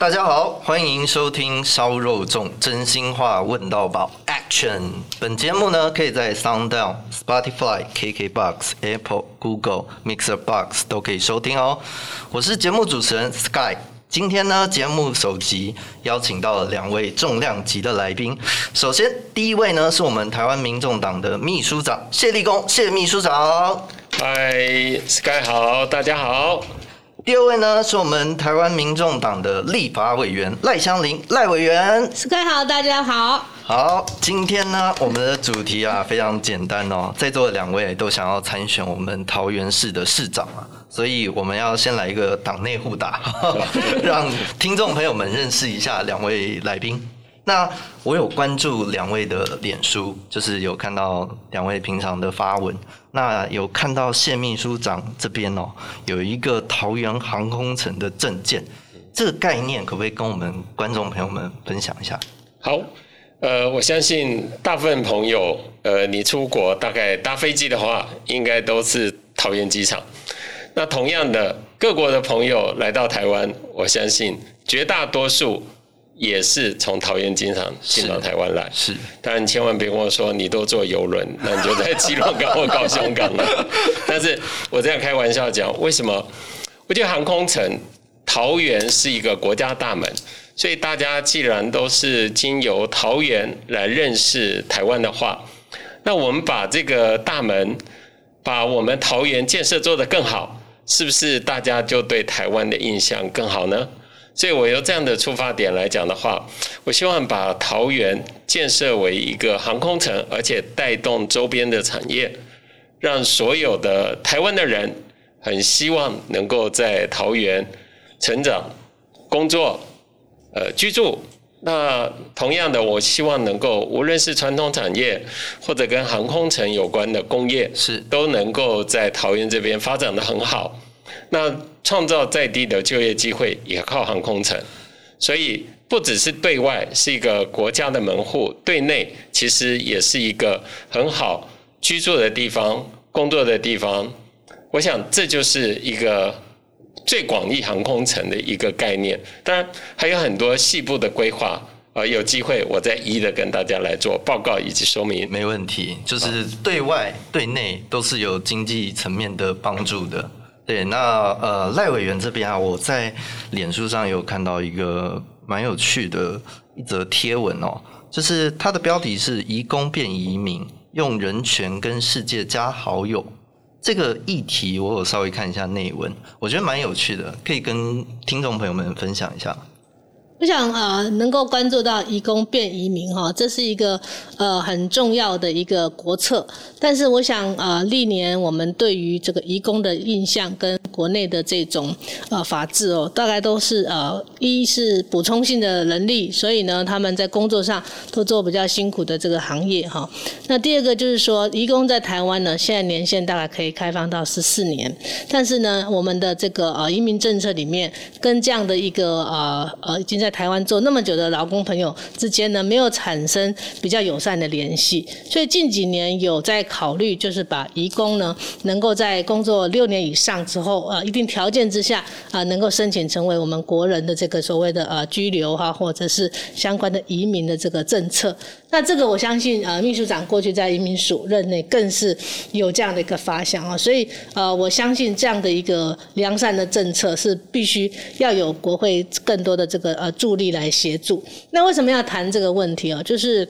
大家好，歡迎收聽《燒肉粽真心話問到飽》Action。本節目呢，可以在 SoundOn、Spotify、KKBox、Apple、Google、MixerBox，都可以收聽哦。我是節目主持人 Sky。今天呢，節目首集邀請到了兩位重量級的來賓。首先，第一位呢，是我們台灣民眾黨的秘書長謝立功，謝秘書長，嗨 Sky，好，大家好。第二位呢，是我們台灣民眾黨的立法委員賴香伶。賴委員各位好，大家好，好，今天呢，我們的主題啊 非常簡單哦，在座的兩位都想要參選我們桃園市的市長，啊、所以我們要先來一個黨內互打， 讓聽眾朋友們認識一下兩位來賓。那我有關注兩位的臉書，就是有看到兩位平常的發文。那有看到謝秘書長這邊哦、喔，有一個桃園航空城的政見，這個概念可不可以跟我們觀眾朋友們分享一下？好，呃，我相信大部分朋友，呃，你出國大概搭飛機的話，應該都是桃園機場。那同樣的，各國的朋友來到台灣，我相信絕大多數。也是從桃園經常進到台灣來，是,是，但你千萬別跟我說你都坐郵輪，那你就在基隆港或高雄港了。 但是我這樣開玩笑講，為什麼？我覺得航空城桃園是一個國家大門，所以大家既然都是經由桃園來認識台灣的話，那我們把這個大門，把我們桃園建設做得更好，是不是大家就對台灣的印象更好呢？所以，我由這樣的出發點來講的話，我希望把桃園建設為一個航空城，而且帶動週邊的產業，讓所有的台灣的人很希望能夠在桃園成長、工作、呃居住。那同樣的，我希望能夠無論是傳統產業或者跟航空城有關的工業，是都能夠在桃園這邊發展得很好。那創造在地的就業機會也靠航空城，所以不只是對外是一個國家的門戶，對內其實也是一個很好居住的地方，工作的地方。我想這就是一個最廣義航空城的一個概念。當然還有很多細部的規劃，呃，有機會我再一一的跟大家來做報告以及說明。沒問題，就是對外對內都是有經濟層面的幫助的。對，那呃，賴委員這邊啊，我在臉書上也有看到一個蠻有趣的一則貼文哦，就是它的標題是“移工變移民，用人權跟世界加好友”這個議題，我有稍微看一下內文，我覺得蠻有趣的，可以跟聽眾朋友們分享一下。我想啊、呃，能夠關注到移工變移民哈，這是一個呃很重要的一個國策。但是我想啊、呃，歷年我們對於這個移工的印象跟國內的這種呃法制哦，大概都是呃，一是補充性的人力，所以呢，他們在工作上都做比較辛苦的這個行業哈。那第二個就是說，移工在台灣呢，現在年限大概可以開放到十四年，但是呢，我們的這個呃移民政策裡面，跟這樣的一個呃呃已經在。在台灣做那麼久的勞工朋友之間呢，沒有產生比較友善的聯繫，所以近幾年有在考慮，就是把移工呢，能夠在工作六年以上之後，啊，一定條件之下，啊，能夠申請成為我們國人的這個所謂的呃、啊、居留哈、啊，或者是相關的移民的這個政策。那這個我相信，啊，秘書長過去在移民署任內，更是有這樣的一個發想啊，所以呃、啊，我相信這樣的一個良善的政策是必須要有國會更多的這個呃。啊助力來協助，那為什麼要談這個問題哦？就是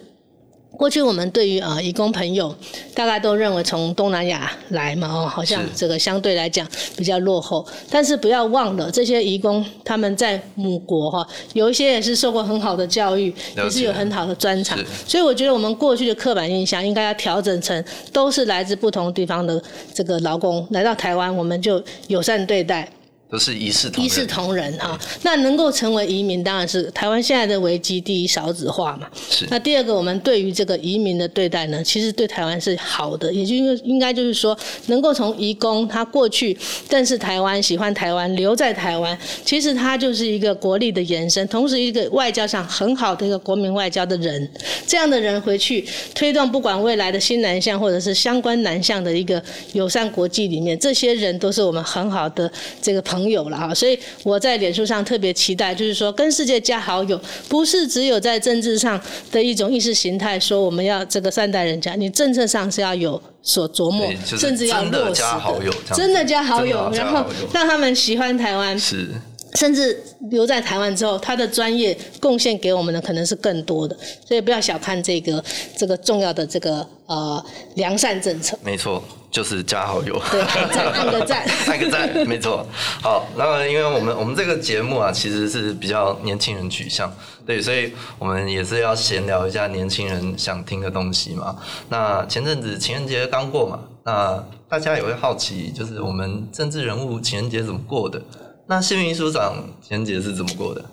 過去我們對於啊，移工朋友，大家都認為從東南亞來嘛，哦，好像這個相對來講比較落後。是，但是不要忘了，這些移工他們在母國哈，有一些也是受過很好的教育，了解。也是有很好的專長。是。所以我覺得我們過去的刻板印象應該要調整成，都是來自不同地方的這個勞工來到台灣，我們就友善對待。都是一視同仁，一視同仁啊！對那能夠成為移民，當然是台灣現在的危機第一少子化嘛。是。那第二個，我們對於這個移民的對待呢，其實對台灣是好的，也就應應該就是說，能夠從移工他過去，認識台灣，喜歡台灣，留在台灣，其實他就是一個國力的延伸，同時一個外交上很好的一個國民外交的人。這樣的人回去推動，不管未來的新南向或者是相關南向的一個友善國際裡面，這些人都是我們很好的這個朋。朋友了哈，所以我在臉書上特別期待，就是說跟世界加好友，不是只有在政治上的一種意識形態，說我們要這個善待人家，你政策上是要有所琢磨，甚至要落實的真的加好友，真的加好友，然後讓他們喜歡台灣。是。甚至留在台灣之後，他的專業貢獻給我們的可能是更多的，所以不要小看這個這個重要的這個呃良善政策。沒錯，就是加好友。對，三個讚，三 個讚。沒錯。好，那因為我們我們這個節目啊，其實是比較年輕人取向，對，所以我們也是要閒聊一下年輕人想聽的東西嘛。那前陣子情人節剛過嘛，那大家也會好奇，就是我們政治人物情人節怎麼過的？那謝秘書長情人節是怎麼過的？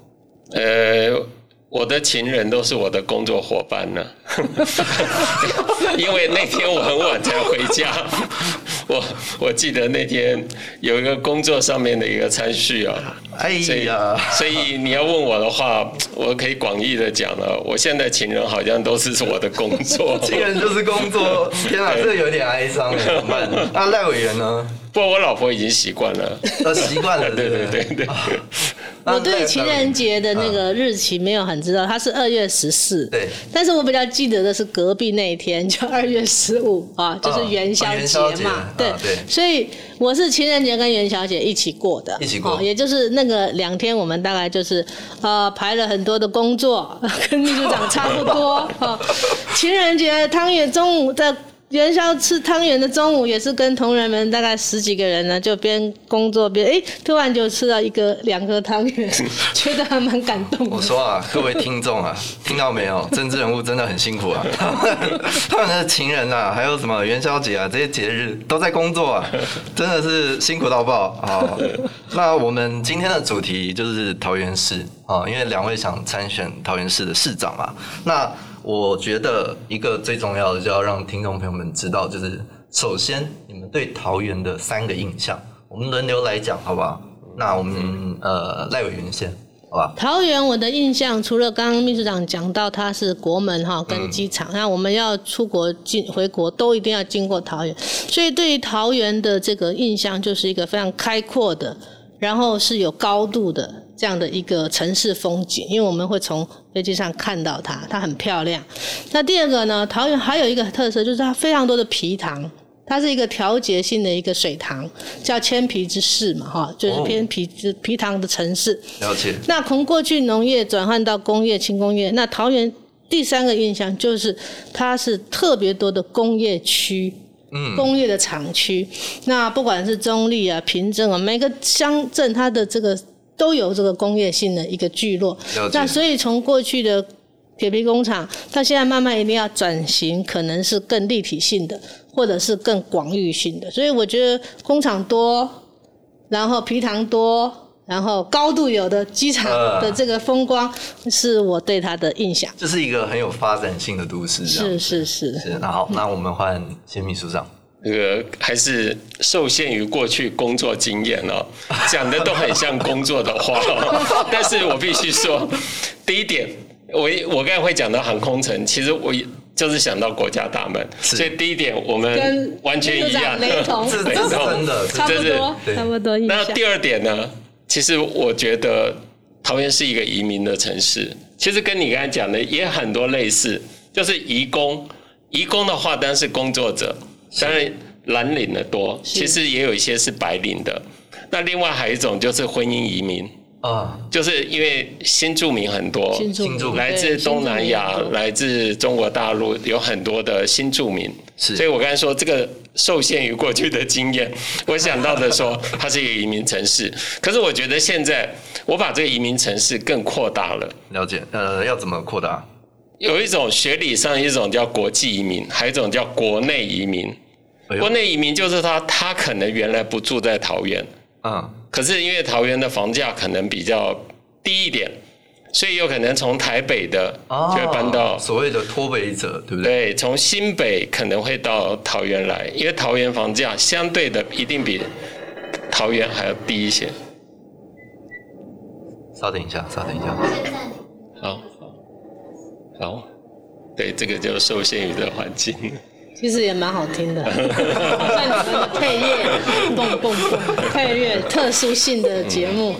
呃，我的情人都是我的工作夥伴呢、啊， 因為那天我很晚才回家， 我我記得那天有一個工作上面的一個餐敘，啊，哎、呀所以所以你要問我的話，我可以廣義的講了、啊，我現在情人好像都是我的工作， 情人就是工作，天哪、啊，這個有點哀傷怎麼辦？那賴、呃點啊、委員呢？不過我老婆已經習慣了， 她習慣了，對對對對。我對情人節的那個日期沒有很知道，它是二月十四，對。但是我比較記得的是隔壁那一天，就二月十五啊，就是元宵節嘛，啊、對。啊、對，所以我是情人節跟元宵節一起過的，一起過，也就是那個兩天，我們大概就是呃排了很多的工作，跟秘書長差不多 情人節湯圓中午在。元宵吃湯圓的中午，也是跟同仁們大概十幾個人呢，就邊工作邊誒、欸、突然就吃到一個兩顆湯圓， 覺得還蠻感動。我說啊，各位聽眾啊， 聽到沒有？政治人物真的很辛苦啊。他們，他們的情人啊，還有什麼元宵節啊，這些節日都在工作啊，真的是辛苦到爆。啊、哦、 那我們今天的主題就是桃園市啊、哦，因為兩位想參選桃園市的市長嘛、啊，那。我覺得一個最重要的，就要讓聽眾朋友們知道，就是首先你們對桃園的三個印象，我們輪流來講，好不好？那我們呃，賴委員先，好吧？桃園我的印象，除了剛剛秘書長講到它是國門哈，跟機場，嗯，那我們要出國進回國都一定要經過桃園，所以對於桃園的這個印象，就是一個非常開闊的，然後是有高度的。這樣的一個城市風景，因為我們會從飛機上看到它，它很漂亮。那第二個呢，桃園還有一個特色就是它非常多的埤塘，它是一個調節性的一個水塘，叫千埤之市嘛，哈，就是偏埤之埤塘的城市。哦、了解。那從過去農業轉換到工業、輕工業，那桃園第三個印象就是它是特別多的工業區，嗯，工業的廠區。那不管是中壢啊、平鎮啊，每個鄉鎮它的這個。都有這個工業性的一個聚落。了解。那所以從過去的鐵皮工廠，到現在慢慢一定要轉型，可能是更立體性的，或者是更廣域性的。所以我覺得工廠多，然後埤塘多，然後高度有的機場的這個風光，呃、是我對它的印象。這是一個很有發展性的都市，是是是。是那好，那我們換謝秘書長。這個還是受限於過去工作經驗哦，講的都很像工作的話， 但是我必須說，第一點，我我剛才會講到航空城，其實我就是想到國家大門，是 所以第一點我們跟完全一樣，跟 雷同雷同的，差不多差不多。那第二點呢，其實我覺得桃園是一個移民的城市，其實跟你剛才講的也很多類似，就是移工，移工的話當然是工作者。當然藍領的多，是其實也有一些是白領的。是那另外還有一種就是婚姻移民啊，就是因為新住民很多，新住民來自東南亞，來自中國大陸有很多的新住民。是所以我剛才說這個受限於過去的經驗，我想到的說 它是一個移民城市。可是我覺得現在我把這個移民城市更擴大了。了解，呃，要怎麼擴大？有一種學理上一種叫國際移民，還有一種叫國內移民。哎、呦國內移民就是他，他可能原來不住在桃園，啊、嗯，可是因為桃園的房價可能比較低一點，所以有可能從台北的就會搬到、哦、所謂的脫北者，對不對？對，從新北可能會到桃園來，因為桃園房價相對的一定比桃園還要低一些。稍等一下，稍等一下， 好。哦，對，這個就受限於的環境。其實也蠻好聽的，算你們的配樂，咚咚配樂特殊性的節目。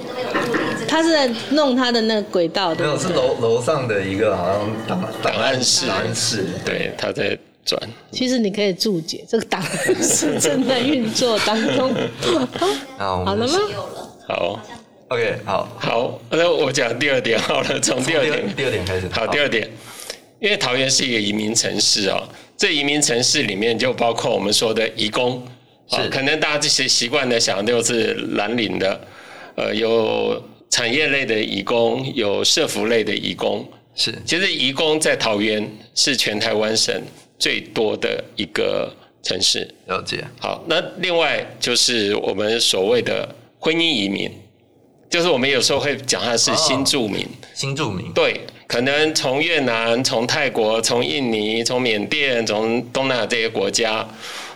他是在弄他的那個軌道的。沒有，是樓樓上的一個好像檔檔案室。檔案室，對，他在轉。其實你可以注解，這個檔案室正在運作當中。好了嗎？好，OK，好，好，那我講第二點，好了，從第二點，第二點開始，好，第二點。因為桃園是一個移民城市哦，這移民城市裡面就包括我們說的移工，是可能大家這些習慣的想就是藍領的，呃，有產業類的移工，有社福類的移工，是其實移工在桃園是全台灣省最多的一個城市，了解。好，那另外就是我們所謂的婚姻移民，就是我們有時候會講它是新住民，哦哦，新住民，對。可能從越南、從泰國、從印尼、從緬甸、從東南亞這些國家，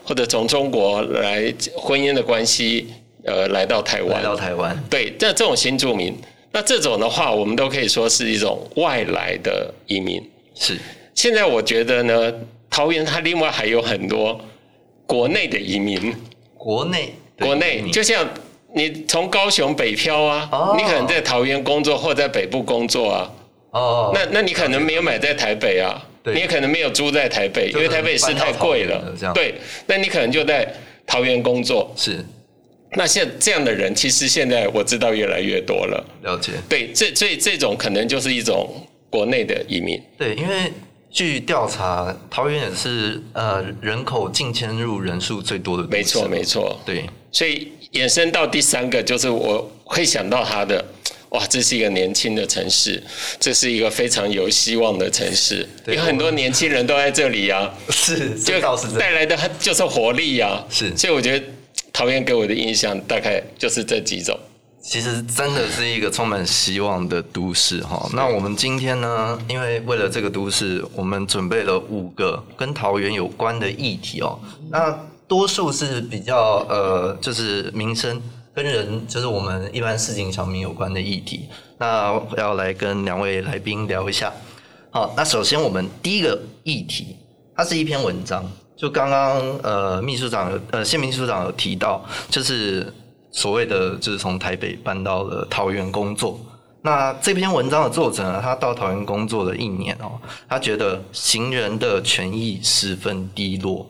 或者從中國來婚姻的關係，呃，來到台灣，來到台灣，對，這這種新住民，那這種的話，我們都可以說是一種外來的移民。是，現在我覺得呢，桃園它另外還有很多國內的移民，國內國內就像你從高雄北漂啊，哦、你可能在桃園工作或在北部工作啊。哦，哦，那那你可能沒有買在台北啊，北，對，你也可能沒有住在台北，對因為台北市太貴了。對，那你可能就在桃園工作。是，那像這樣的人其實現在我知道越來越多了。了解。對，這這這種可能就是一種國內的移民。對，因為據調查，桃園也是呃人口淨遷入人數最多的沒。沒錯，沒錯。對，所以延伸到第三個，就是我會想到他的。哇，這是一個年輕的城市，這是一個非常有希望的城市，有對很多年輕人都在這裡啊， 是，這個倒是帶來的就是活力呀，啊，是，所以我覺得桃園給我的印象大概就是這幾種，其實真的是一個充滿希望的都市哈是哦。那我們今天呢，因為為了這個都市，我們準備了五個跟桃園有關的議題哦，那多數是比較呃，就是民生。跟人，就是我們一般市井小民有關的議題，那要來跟兩位來賓聊一下。好，那首先我們第一個議題，它是一篇文章。就剛剛呃秘書長有呃謝秘書長有提到，就是所謂的就是從台北搬到了桃園工作。那這篇文章的作者呢，他到桃園工作了一年哦，他覺得行人的權益十分低落。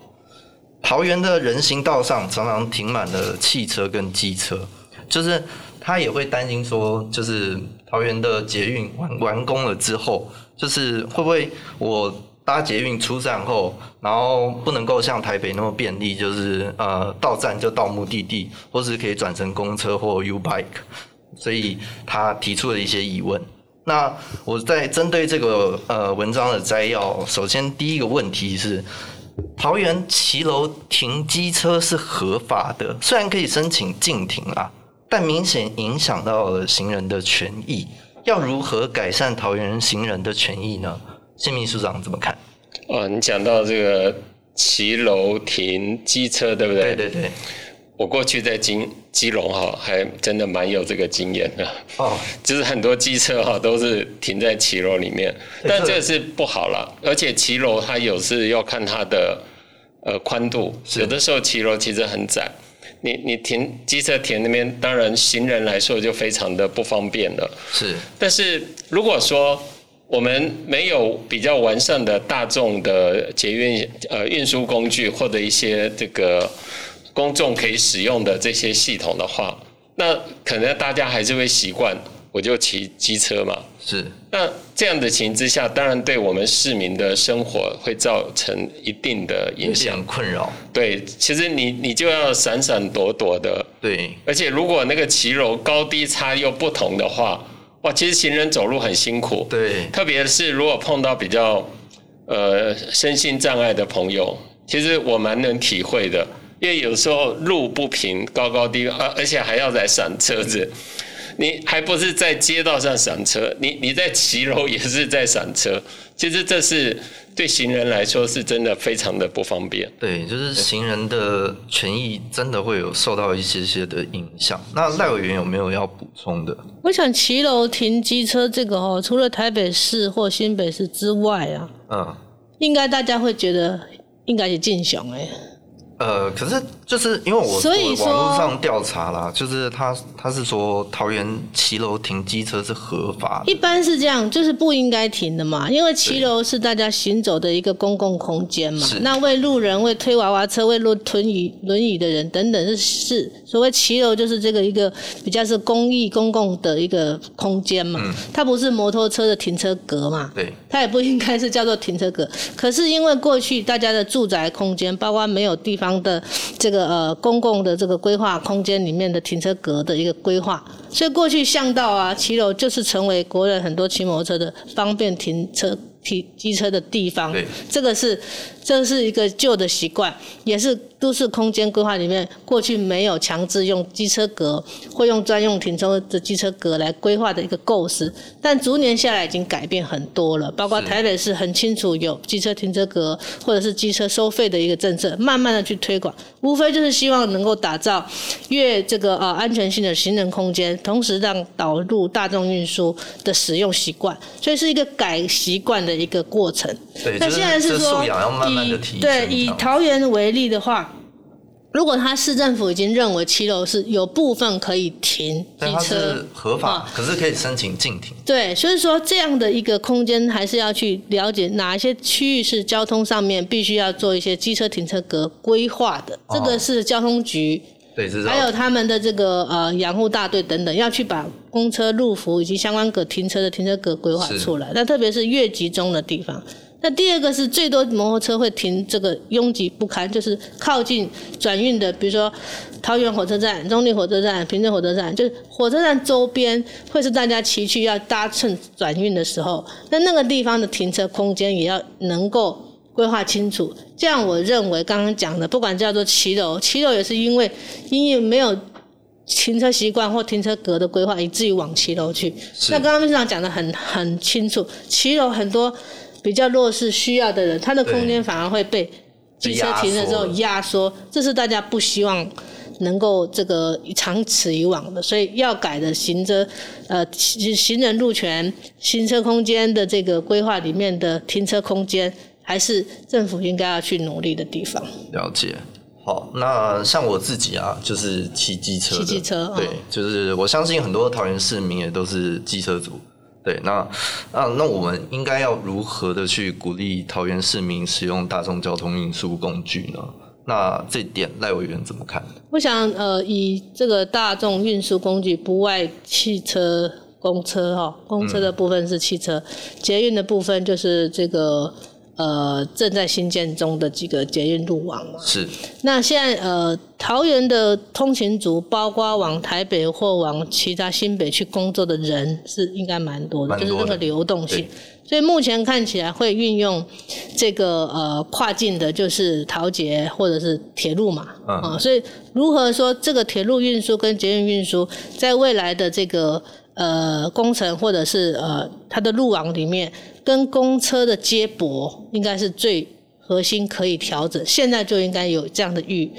桃園的人行道上常常停滿了汽車跟機車，就是他也會擔心說，就是桃園的捷運完完工了之後，就是會不會我搭捷運出站後，然後不能夠像台北那麼便利，就是呃到站就到目的地，或是可以轉乘公車或 U-Bike，所以他提出了一些疑問。那我在針對這個呃文章的摘要，首先第一個問題是。桃園騎樓停機車是合法的，雖然可以申請禁停啊，但明顯影響到了行人的權益。要如何改善桃園行人的權益呢？謝祕書長怎麼看？哦，你講到這個騎樓停機車，對不對？對對對。我過去在金基隆哈，還真的蠻有這個經驗的。Oh. 就是很多機車哈都是停在騎樓裡面，對但這個是不好了。的而且騎樓它有時要看它的呃寬度，是有的時候騎樓其實很窄，你你停機車停那邊，當然行人來說就非常的不方便了。是，但是如果說我們沒有比較完善的大眾的捷運呃運輸工具或者一些這個。公眾可以使用的這些系統的話，那可能大家還是會習慣，我就騎機車嘛。是，那這樣的情況之下，當然對我們市民的生活會造成一定的影響，困擾。對，其實你你就要閃閃躲躲的。對，而且如果那個騎樓高低差又不同的話，哇，其實行人走路很辛苦。對，特別是如果碰到比較呃身心障礙的朋友，其實我蠻能體會的。因為有時候路不平，高高低低，而、啊、而且還要在閃車子，你還不是在街道上閃車，你你在騎樓也是在閃車，其實這是對行人來說是真的非常的不方便。對，就是行人的權益真的會有受到一些些的影響。對那賴委員有沒有要補充的？我想騎樓停機車這個哦，除了台北市或新北市之外啊，嗯，應該大家會覺得應該是禁行哎。呃，可是，uh。就是因為我，我路所以網絡上調查了，就是他他是說桃園騎樓停機車是合法的，一般是這樣，就是不應該停的嘛，因為騎樓是大家行走的一個公共空間嘛，對那為路人、為推娃娃車、為落輪椅、輪椅的人等等，是是所謂騎樓就是這個一個比較是公益公共的一個空間嘛，嗯，它不是摩托車的停車格嘛，對，它也不應該是叫做停車格，可是因為過去大家的住宅空間，包括沒有地方的這個。呃，公共的這個規劃空間裡面的停車格的一個規劃，所以過去巷道啊、騎樓就是成為國人很多騎摩托車的方便停車、停機車的地方。對這個是，這是一個舊的習慣，也是。都市空間規劃裡面，過去沒有強制用機車格，或用專用停車的機車格來規劃的一個構思，但逐年下來已經改變很多了。包括台北市很清楚有機車停車格，或者是機車收費的一個政策，慢慢的去推廣，無非就是希望能夠打造越這個啊、呃、安全性的行人空間，同時讓導入大眾運輸的使用習慣，所以是一個改習慣的一個過程。對，就是，那現在是說，素養要慢慢的提升。對，以桃園為例的話。如果他市政府已經認為騎樓是有部分可以停機車，它是合法，哦、可是可以申請禁停。對，所以說這樣的一個空間，還是要去了解哪一些區域是交通上面必須要做一些機車停車格規劃的。哦、這個是交通局，還有他們的這個呃養護大隊等等，要去把公車入伏以及相關的停車的停車格規劃出來。那的特別是越集中的地方。那第二個是最多摩托車會停這個擁擠不堪，就是靠近轉運的，比如說桃園火車站、中壢火車站、平鎮火車站，就是火車站周邊會是大家騎去要搭乘轉運的時候，那那個地方的停車空間也要能夠規劃清楚。這樣我認為剛剛講的，不管叫做騎樓，騎樓也是因為因為沒有停車習慣或停車格的規劃，以至於往騎樓去。是那剛剛秘書長講的很很清楚，騎樓很多，比較弱勢需要的人，他的空間反而會被機車停了之後壓縮，壓縮，這是大家不希望能夠這個長此以往的，所以要改的行車、呃行人路權、行車空間的這個規劃裡面的停車空間，還是政府應該要去努力的地方。了解，好，那像我自己啊，就是騎機車、車，騎機車，對，就是我相信很多桃園市民也都是機車族。對，那那那我們應該要如何的去鼓勵桃園市民使用大眾交通運輸工具呢？那這點賴委員怎麼看？我想，呃，以這個大眾運輸工具，不外汽車、公車哈、喔，公車的部分是汽車，嗯、捷運的部分就是這個。呃，正在新建中的幾個捷運路網嘛，是。那現在呃，桃園的通勤族，包括往台北或往其他新北去工作的人，是應該蠻多的，蠻多的就是那個流動性。對所以目前看起來會運用這個呃跨境的，就是桃捷或者是鐵路嘛，啊、嗯呃，所以如何說這個鐵路運輸跟捷運運輸，在未來的這個。呃，工程或者是呃，它的路網裡面跟公車的接駁應該是最核心可以調整，現在就應該有這樣的預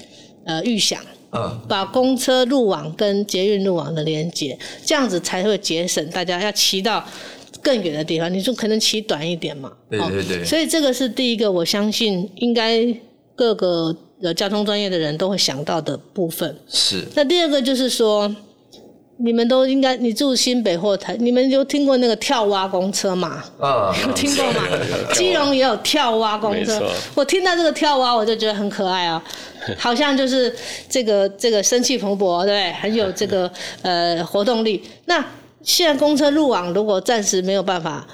呃預想，嗯、把公車路網跟捷運路網的連接，這樣子才會節省大家要騎到更遠的地方，你就可能騎短一點嘛，對對對，哦，所以這個是第一個，我相信應該各個呃交通專業的人都會想到的部分，是。那第二個就是說。你們都應該，你住新北貨台，你們有聽過那個跳蛙公車嗎？啊，有聽過嗎？基隆也有跳蛙公車。沒錯。我聽到這個跳蛙，我就覺得很可愛啊，好像就是這個這個生氣蓬勃，對不對？很有這個呃活動力。那現在公車路網，如果暫時沒有辦法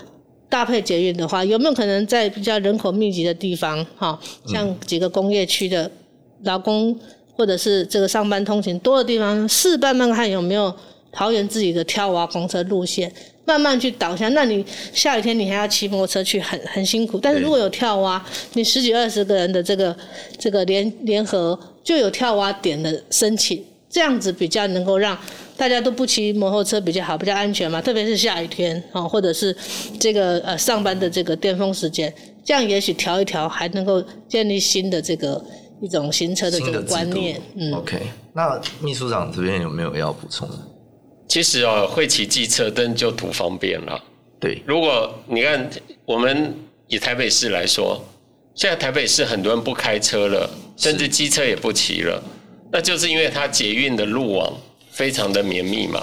搭配捷運的話，有沒有可能在比較人口密集的地方，哈，像幾個工業區的勞工或者是這個上班通勤多的地方，試辦辦，看有沒有？桃園自己的跳蛙公車路線，慢慢去導向。那你下雨天你還要騎摩托車去，很很辛苦。但是如果有跳蛙，對你十幾二十個人的這個這個聯聯合，就有跳蛙點的申請，這樣子比較能夠讓大家都不騎摩托車比較好，比較安全嘛。特別是下雨天或者是這個呃上班的這個巔峰時間，這樣也許調一調，還能夠建立新的這個一種行車的這個觀念。嗯，OK，那秘書長這邊有沒有要補充的？其實啊、哦，會騎機車登就圖方便了。對，如果你看我們以台北市來說，現在台北市很多人不開車了，是甚至機車也不騎了，那就是因為它捷運的路網非常的綿密嘛，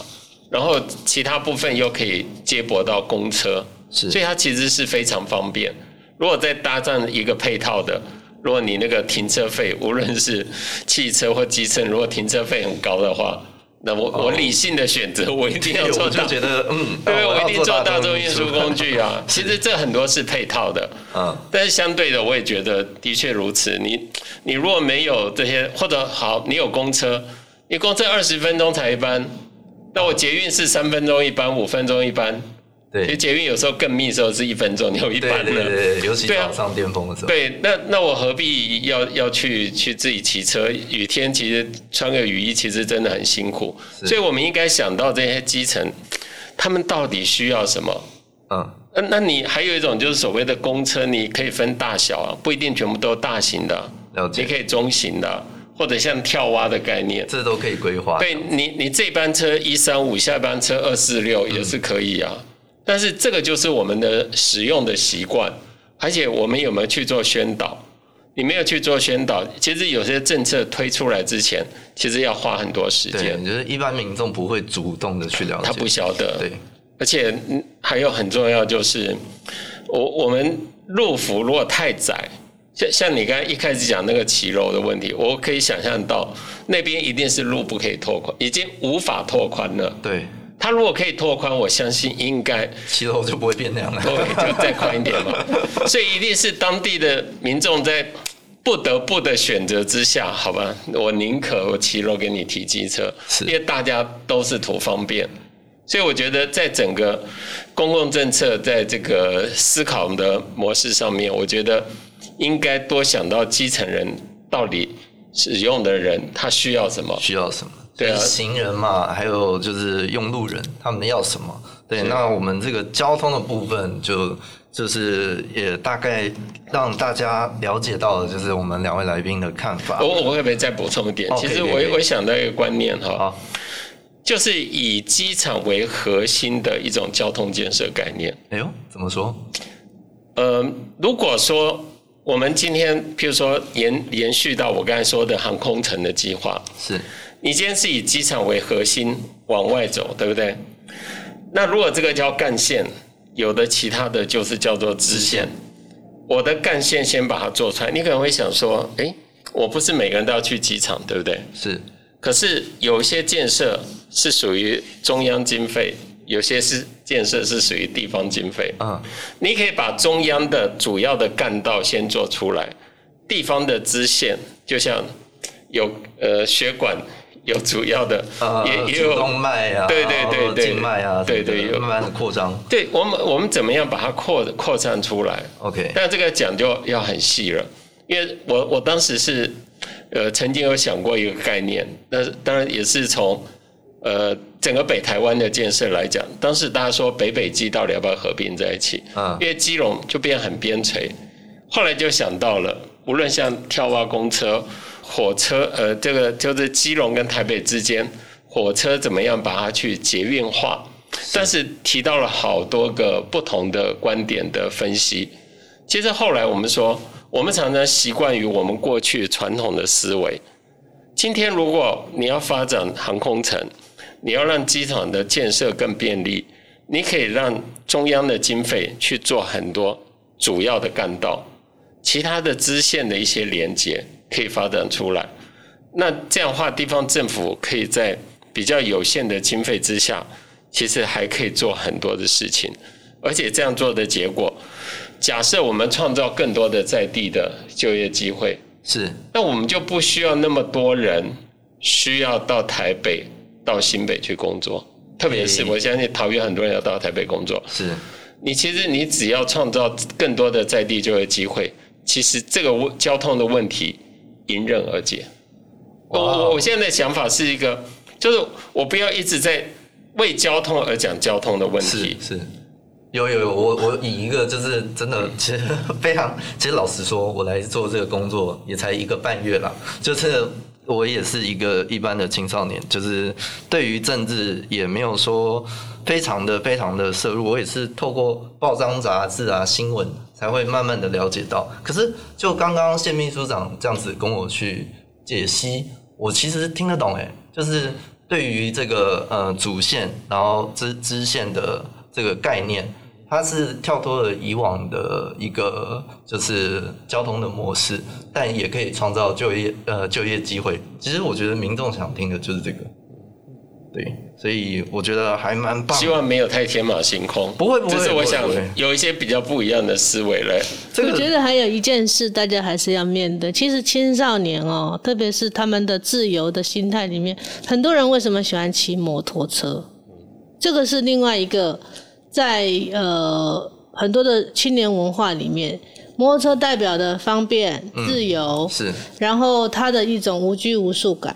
然後其他部分又可以接駁到公車，是所以它其實是非常方便。如果再搭上一個配套的，如果你那個停車費，無論是汽車或機車，如果停車費很高的話，那我我理性的選擇、哦嗯，我一定要做，就覺得嗯，因為我一定做大眾運輸工具啊。其實這很多是配套的，啊，但是相對的，我也覺得的確如此你。你你如果沒有這些，或者好，你有公車，你公車二十分鐘才一班，那我捷運是三分鐘一班，五分鐘一班。對其實捷運有時候更密的時候是一分鐘，你有一班的對對對，尤其早上巔峰的時候。對，啊、對，那那我何必要要去去自己騎車？雨天其實穿個雨衣其實真的很辛苦。是所以，我們應該想到這些基層他們到底需要什麼？嗯，那、啊、那你還有一種就是所謂的公車，你可以分大小啊，不一定全部都大型的，解你可以中型的，或者像跳蛙的概念，這都可以規劃。對，你你這班車一三五下班車二四六也是可以啊。嗯但是這個就是我們的使用的習慣，而且我們有沒有去做宣導？你沒有去做宣導，其實有些政策推出來之前，其實要花很多時間。對，就是一般民眾不會主動的去了解，他不曉得。對，而且還有很重要就是，我我們路幅如果太窄，像像你剛剛一開始講那個騎樓的問題，我可以想象到那邊一定是路不可以拓寬，已經無法拓寬了。對。他如果可以拓寬，我相信應該騎樓就不會變那樣了。對，就再寬一點嘛。 所以一定是當地的民眾在不得不的選擇之下，好吧，我寧可我騎樓給你提機車，是因為大家都是圖方便。所以我覺得在整個公共政策在這個思考的模式上面，我覺得應該多想到基層人到底使用的人他需要什麼？需要什麼？行人嘛，啊、還有就是用路人，他們要什麼？對，的那我們這個交通的部分就，就就是也大概讓大家了解到了，就是我們兩位來賓的看法。我我會不會再補充一點？Okay, 其實我對對對，我想到一個觀念哈、喔，好就是以機場為核心的一種交通建設概念。哎呦，怎麼說？嗯、呃，如果說我們今天，譬如說延延續到我剛才說的航空城的計劃，是。你今天是以機場為核心往外走，對不對？那如果這個叫幹線，有的其他的就是叫做支線。是是，我的幹線先把它做出來，你可能會想說，誒，我不是每個人都要去機場，對不對？是。可是有些建設是屬於中央經費，有些是建設是屬於地方經費。啊，你可以把中央的主要的幹道先做出來，地方的支線就像有呃血管。有主要的，呃、也也有動脈啊，對對對對，靜脈啊，這個、對對，對有，慢慢的擴張。對我們，我們怎麼樣把它擴擴散出來？OK。但這個講究要很細了，因為我我當時是，呃，曾經有想過一個概念，那當然也是從呃整個北台灣的建設來講。當時大家說北北基到底要不要合併在一起？啊、因為基隆就變很邊陲。後來就想到了，無論像跳蛙公車。火車，呃，這個就是基隆跟台北之間火車怎麼樣把它去捷運化？是。但是提到了好多個不同的觀點的分析。接着後來我們說，我們常常習慣於我們過去傳統的思維。今天如果你要發展航空城，你要讓機場的建設更便利，你可以讓中央的經費去做很多主要的幹道、其他的支線的一些連接，可以發展出來，那這樣的話，地方政府可以在比較有限的經費之下，其實還可以做很多的事情，而且這樣做的結果，假設我們創造更多的在地的就業機會，是，那我們就不需要那麼多人需要到台北、到新北去工作，特別是我相信桃園很多人要到台北工作，是，你其實你只要創造更多的在地就業機會，其實這個交通的問題。迎刃而解。我 Wow. 我現在的想法是一個，就是我不要一直在為交通而講交通的問題。是，是，有有有，我我以一個就是真的， 對其實非常，其實老實說，我來做這個工作也才一個半月了，就是。我也是一個一般的青少年，就是對於政治也沒有說非常的非常的涉入，我也是透過報章雜誌啊、新聞才會慢慢的了解到。可是就剛剛謝秘書長這樣子跟我去解析，我其實聽得懂誒，就是對於這個呃主線，然後支支線的這個概念。它是跳脫了以往的一個就是交通的模式，但也可以創造就業呃就業機會。其實我覺得民眾想聽的就是這個，對，所以我覺得還蠻棒。希望沒有太天馬行空不，不會不會，就是我想有一些比較不一樣的思維嘞。來，這個我覺得還有一件事，大家還是要面對。其實青少年哦、喔，特別是他們的自由的心態裡面，很多人為什麼喜歡騎摩托車？這個是另外一個。在呃很多的青年文化裡面，摩托車代表的方便、自由、嗯、是，然後它的一種無拘無束感。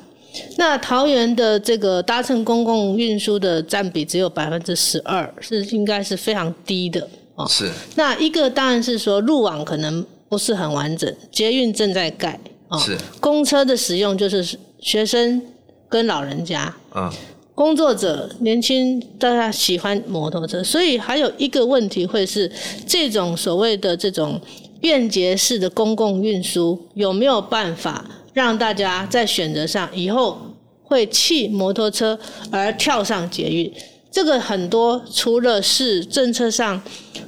那桃園的這個搭乘公共運輸的佔比只有百分之十二，是應該是非常低的啊。哦、是。那一個當然是說路網可能不是很完整，捷運正在蓋啊。哦、是。公車的使用就是學生跟老人家啊。哦工作者年輕，大家喜歡摩托車，所以還有一個問題會是這種所謂的這種便捷式的公共運輸有沒有辦法讓大家在選擇上以後會棄摩托車而跳上捷運？這個很多除了是政策上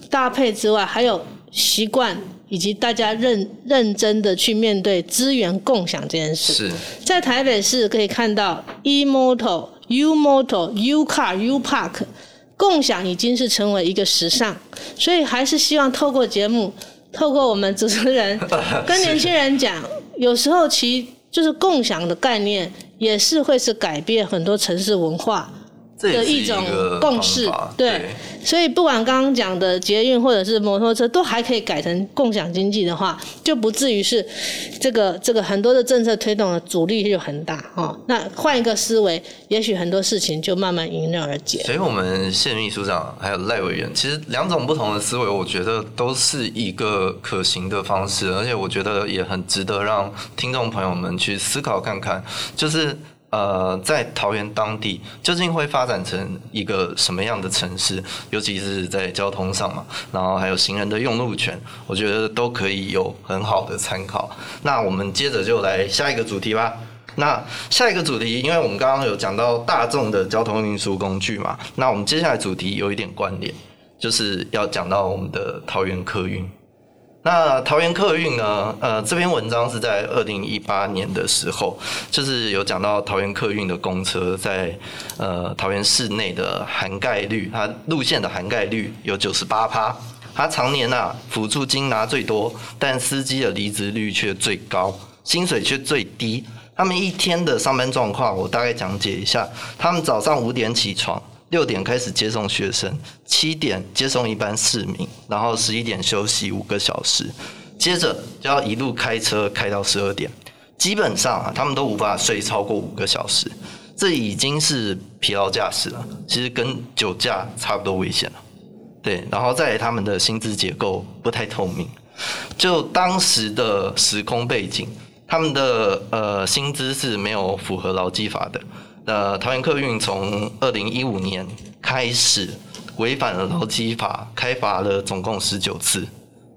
搭配之外，還有習慣以及大家認認真的去面對資源共享這件事。是。在台北市可以看到 e-moto。U motor、U car、U park，共享已經是成為一個時尚，所以還是希望透過節目，透過我們主持人跟年輕人講， 是的 有時候其就是共享的概念，也是會是改變很多城市文化。這一的一種共識，對，對所以不管剛剛講的捷運或者是摩托車，都還可以改成共享經濟的話，就不至於是這個這個很多的政策推動的阻力就很大哈。嗯，那換一個思維，也許很多事情就慢慢迎刃而解。所以，我們謝秘書長還有賴委員，其實兩種不同的思維，我覺得都是一個可行的方式，而且我覺得也很值得讓聽眾朋友們去思考看看，就是。呃，在桃園當地究竟會發展成一個什麼樣的城市？尤其是在交通上嘛，然後還有行人的用路權，我覺得都可以有很好的參考。那我們接着就來下一個主題吧。那下一個主題，因為我們剛剛有講到大眾的交通運輸工具嘛，那我們接下來主題有一點關聯，就是要講到我們的桃園客運。那桃園客運呢？呃，這篇文章是在二零一八年的時候，就是有講到桃園客運的公車在呃桃園市內的涵蓋率，它路線的涵蓋率有九十八趴。它常年吶、啊，輔助金拿最多，但司機的離職率卻最高，薪水卻最低。他們一天的上班狀況，我大概講解一下。他們早上五點起床。六點開始接送學生，七點接送一班市民，然後十一點休息五個小時，接着就要一路開車開到十二點。基本上啊，他們都無法睡超過五個小時，這已經是疲勞駕駛了，其實跟酒駕差不多危險了。對，然後再來他們的薪資結構不太透明，就當時的時空背景，他們的呃薪資是沒有符合勞基法的。呃，桃園客運從二零一五年開始違反了勞基法開罰了總共十九次，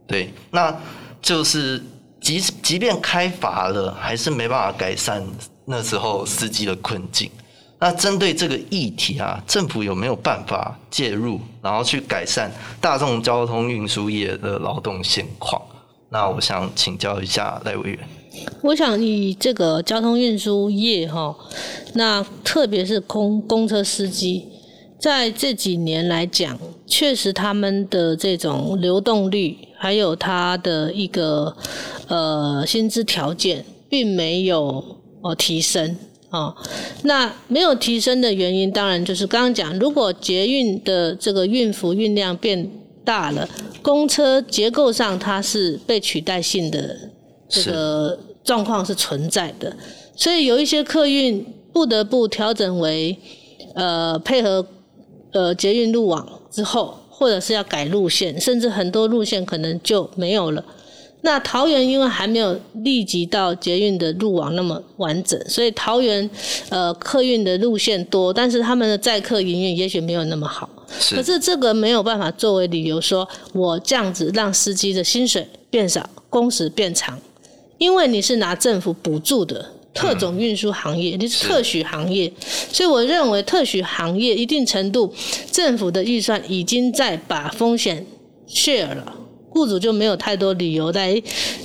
對，那就是即即便開罰了，還是沒辦法改善那時候司機的困境。那針對這個議題啊，政府有沒有辦法介入，然後去改善大眾交通運輸業的勞動現況？那我想請教一下賴委員。我想以這個交通運輸業哈，那特別是公公車司機，在這幾年來講，確實他們的這種流動率，還有他的一個呃薪資條件，並沒有哦提升啊。那沒有提升的原因，當然就是剛剛講，如果捷運的這個運服運量變大了，公車結構上它是被取代性的。這個狀況是存在的，所以有一些客運不得不調整為，呃，配合呃捷運路網之後，或者是要改路線，甚至很多路線可能就沒有了。那桃園因為還沒有立即到捷運的路網那麼完整，所以桃園呃客運的路線多，但是他們的載客營運也許沒有那麼好。可是這個沒有辦法作為理由，說我這樣子讓司機的薪水變少，工時變長。因為你是拿政府補助的特種運輸行業，你、嗯、是特許行業，所以我認為特許行業一定程度政府的預算已經在把風險 share 了，雇主就沒有太多理由在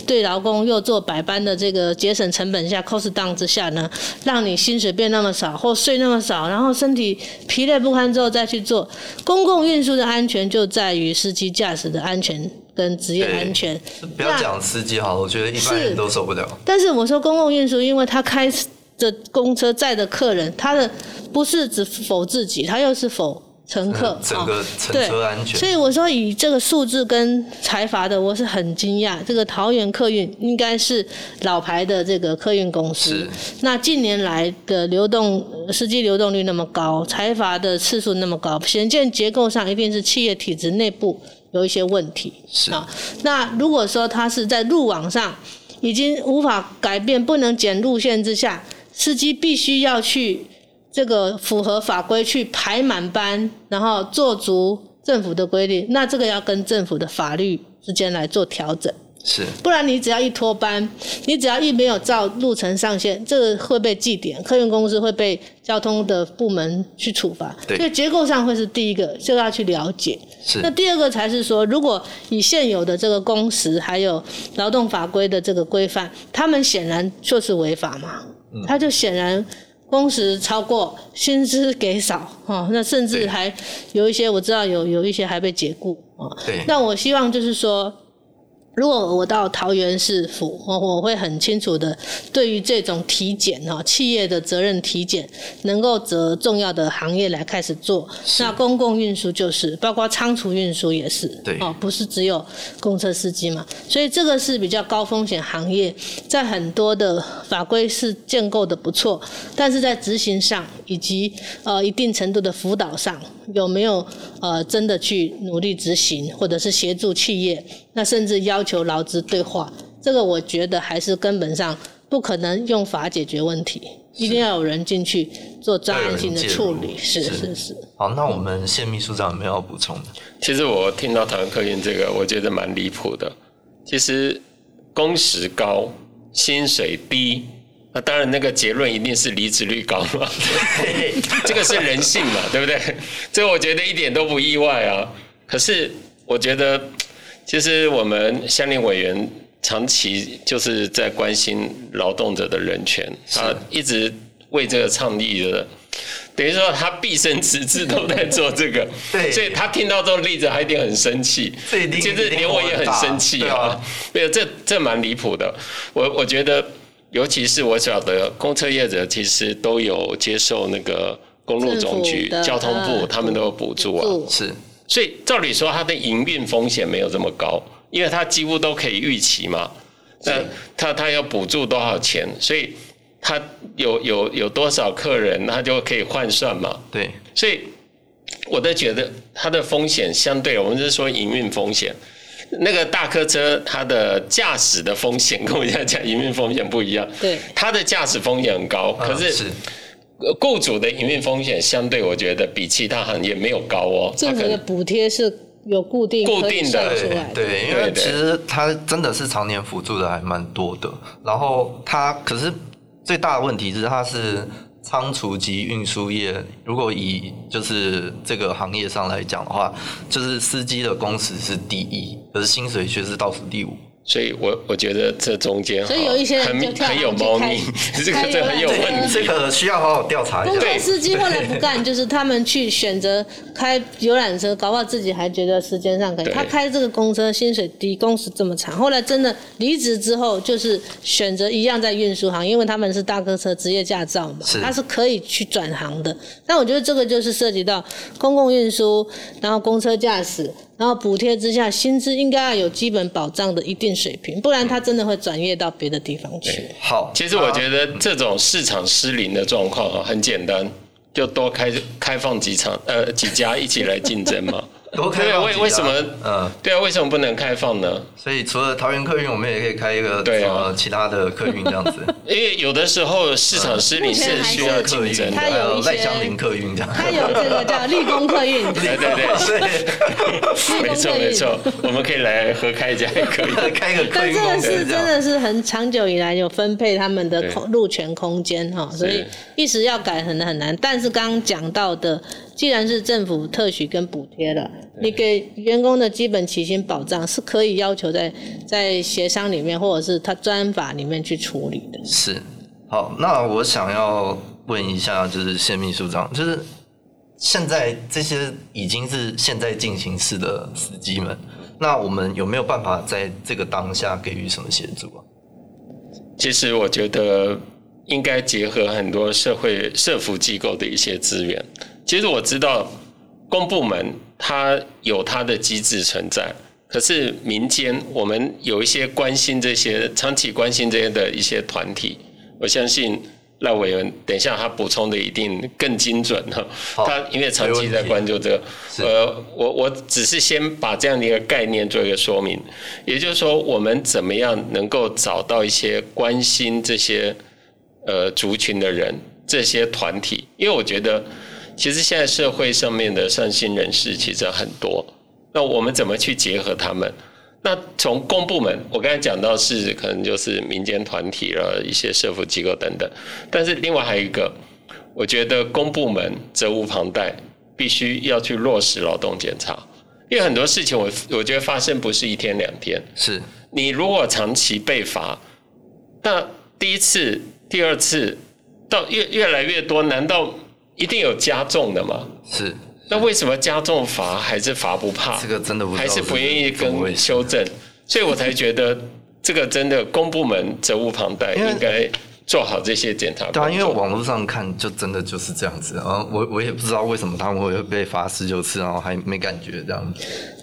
對勞工又做百般的這個節省成本下 cost down 之下呢，讓你薪水變那麼少或睡那麼少，然後身體疲累不堪之後再去做。公共運輸的安全就在於司機駕駛的安全。跟職業安全，不要講司機哈，那我覺得一般人都受不了。是，但是我說公共運輸，因為他開着公車載的客人，他的不是只否自己，他又是否乘客，嗯，整個乘車安全。哦，所以我說以這個數字跟財閥的，我是很驚訝。這個桃園客運應該是老牌的這個客運公司，是那近年來的流動司機流動率那麼高，財閥的次數那麼高，顯見結構上一定是企業體制內部有一些問題。是啊。那如果說他是在路網上已經無法改變，不能減路線之下，司機必須要去這個符合法規去排滿班，然後做足政府的規定，那這個要跟政府的法律之間來做調整。是，不然你只要一脫班，你只要一沒有照路程上線，這個會被記點，客運公司會被交通的部門去處罰。對，所以結構上會是第一個，就、這個、要去了解。是，那第二個才是說，如果以現有的這個工時還有勞動法規的這個規範，他們顯然確實違法嘛，嗯、他就顯然工時超過，薪資給少、哦、那甚至還有一些對我知道有有一些還被解雇、哦、對，那我希望就是說。如果我到桃園市府，我我會很清楚的，對於這種體檢哈，企業的責任體檢，能夠擇重要的行業來開始做。是那公共運輸就是，包括倉儲運輸也是。對。哦，不是只有公車司機嘛。所以這個是比較高風險行業，在很多的法規是建構的不錯，但是在執行上以及呃一定程度的輔導上有沒有呃真的去努力執行，或者是協助企業？那甚至要求勞資對話，這個我覺得還是根本上不可能用法解決問題，是一定要有人進去做專業性的處理。是是是。是是好，那我們謝秘書長有沒有補充的？其實我聽到台灣客運這個，我覺得蠻離譜的。其實工時高，薪水低。當然，那個結論一定是離職率高嘛， 這個是人性嘛，對不對？這我覺得一點都不意外啊。可是，我覺得其實我們香伶委員長期就是在關心勞動者的人權，啊，一直為這個倡議的，等於說他畢生職志都在做這個。對，所以他聽到這種例子，還一定很生氣。對，其實連我也很生氣啊。沒有，這這蠻離譜的。我我覺得。尤其是我曉得公車業者其實都有接受那個公路總局、交通部，他們都有補助啊。是，所以照理說他的營運風險沒有這麼高，因為他幾乎都可以預期嘛。那是他他要補助多少錢？所以他有有有多少客人，他就可以換算嘛。對，所以我都覺得他的風險相對，我們就是說營運風險。那個大客車它的駕駛的風險跟我現在講營運風險不一樣，對，它的駕駛風險很高，可是呃，僱主的營運風險相對我覺得比其他行業沒有高哦。政府的補貼是有固定固定的，對對，因為其實它真的是常年輔助的還蠻多的。然後它可是最大的問題是它是。倉儲及運輸業，如果以就是這個行業上來講的話，就是司機的工時是第一，可是薪水卻是倒數第五。所以我，我我覺得這中間很很有貓膩，這個很有問題。這個需要好好調查一下。公車司機後來不幹，就是他們去選擇開遊覽車，對搞不好自己還覺得時間上可以。對他開這個公車，薪水低，工時這麼長，後來真的離職之後，就是選擇一樣在運輸行，因為他們是大客車職業駕照嘛，是他是可以去轉行的。但我覺得這個就是涉及到公共運輸，然後公車駕駛。然後補貼之下，薪資應該要有基本保障的一定水平，不然他真的會轉業到別的地方去。嗯、好，其實我覺得這種市場失靈的狀況很簡單，就多開開放幾場，呃，幾家一起來競爭嘛。 對啊，對為為什麼？嗯、對啊，為什麼不能開放呢？所以除了桃園客運，我們也可以開一個呃其他的客運這樣子。啊、 因為有的時候市場失靈是需要客運的，賴香伶客運這樣子他。他有這個叫立功客運。 客對對對，是 立沒錯沒錯，我們可以來合開家一家客運， 開一個客運這但這個是真的是很長久以來有分配他們的路權空間哈，對所以一直要改很很難。但是剛剛講到的。既然是政府特許跟補貼的，你給員工的基本起薪保障是可以要求在在協商裡面，或者是他專法裡面去處理的。是，好，那我想要問一下，就是謝秘書長，就是現在這些已經是現在進行式的司機們，那我們有沒有辦法在這個當下給予什麼協助啊？其實我覺得應該結合很多社會社服機構的一些資源。其實我知道，公部門它有它的機制存在，可是民間我們有一些關心這些長期關心這些的一些團體，我相信賴委員等一下他補充的一定更精準。他因為長期在關注這個，呃，我我只是先把這樣的一個概念做一個說明，也就是說，我們怎麼樣能夠找到一些關心這些呃族群的人，這些團體，因為我覺得。其實現在社會上面的善心人士其實很多，那我們怎麼去結合他們？那從公部門，我剛才講到是可能就是民間團體啊，一些社福機構等等。但是另外還有一個，我覺得公部門責無旁貸，必須要去落實勞動檢查，因為很多事情我我覺得發生不是一天兩天，是你如果長期被罰，那第一次、第二次到越越來越多，難道？一定有加重的嘛。是，那為什麼加重罰還是罰不怕？這個真的不知道、這個、還是不願意跟修正，所以我才覺得這個真的公部門責無旁貸，為應該做好這些檢查。對、啊，因為網絡上看就真的就是這樣子啊！我我也不知道為什麼他們會被罰十九次，然後還沒感覺這樣。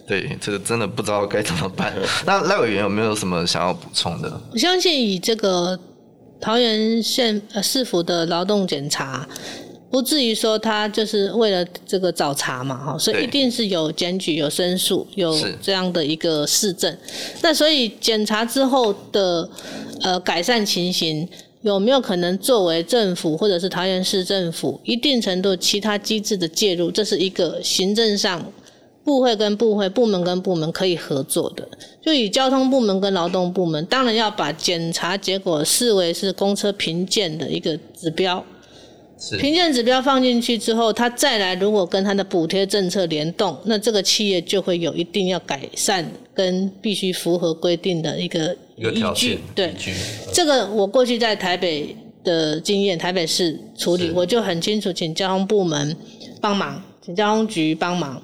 對，這個真的不知道該怎麼辦。 那賴委員有沒有什麼想要補充的？我相信以這個桃園縣市府的勞動檢查。不至於說他就是為了這個找茬嘛，哈，所以一定是有檢舉、有申訴、有這樣的一個市政。是那所以檢查之後的呃改善情形，有沒有可能作為政府或者是桃園市政府一定程度其他機制的介入？這是一個行政上部會跟部會、部門跟部門可以合作的。就以交通部門跟勞動部門，當然要把檢查結果視為是公車評鑑的一個指標。評鑑是指標放進去之後，他再來如果跟他的補貼政策聯動，那這個企業就會有一定要改善跟必須符合規定的一個依據。一個條件。對，據這個我過去在台北的經驗，台北市處理是我就很清楚，請交通部門幫忙，請交通局幫忙，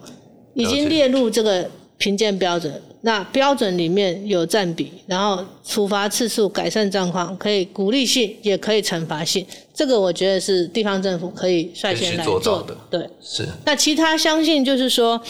已經列入這個評鑑標準。那標準裡面有占比，然後處罰次數、改善狀況，可以鼓勵性也可以懲罰性，這個我覺得是地方政府可以率先來做的。做的。對，是。那其他相信就是說。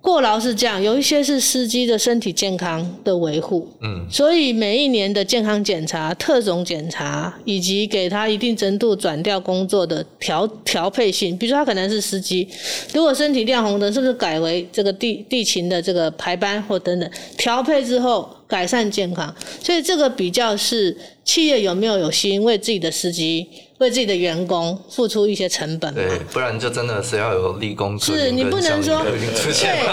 過勞是這樣，有一些是司機的身體健康的維護，嗯，所以每一年的健康檢查、特種檢查，以及給他一定程度轉調工作的調調配性，比如說他可能是司機，如果身體亮紅燈，是不是改為這個地地勤的這個排班或等等調配之後。改善健康，所以這個比較是企業有沒有有心為自己的司機、為自己的員工付出一些成本？對，不然就真的是要有立功。是你不能說，對， 對，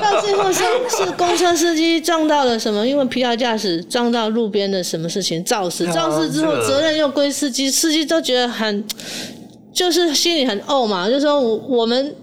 到最後是是公車司機撞到了什麼？因為疲勞駕駛撞到路邊的什麼事情？肇事肇事之後責任又歸司機，司機都覺得很就是心裡很慪嘛，就是說我我們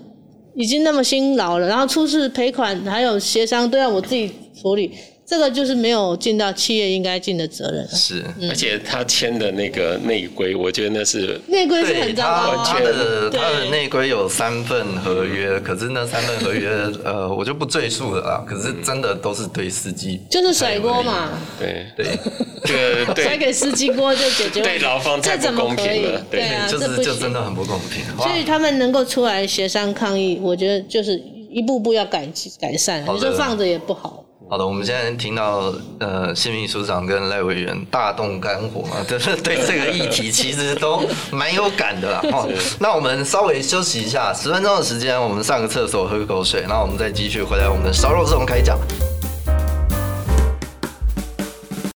已經那麼辛勞了，然後出事賠款還有協商都要我自己處理。這個就是沒有盡到企業應該盡的責任。是，而且他簽的那個內規，我覺得那是內規是很糟糕。他的他的內規有三份合約，可是那三份合約，呃，我就不贅述了啊。可是真的都是對司機，就是甩鍋嘛。對對，甩給司機鍋就解決。對勞方這怎麼可以？對，就是就真的很不公平。所以他們能夠出來協商抗議，我覺得就是一步步要改改善。你說放着也不好。好的，我們現在聽到呃，謝秘書長跟賴委員大動肝火啊，對 對，這個議題其實都蠻有感的啦。齁，是那我們稍微休息一下，十分鐘的時間，我們上個廁所，喝口水，然後我們再繼續回來我們的燒肉這種開講。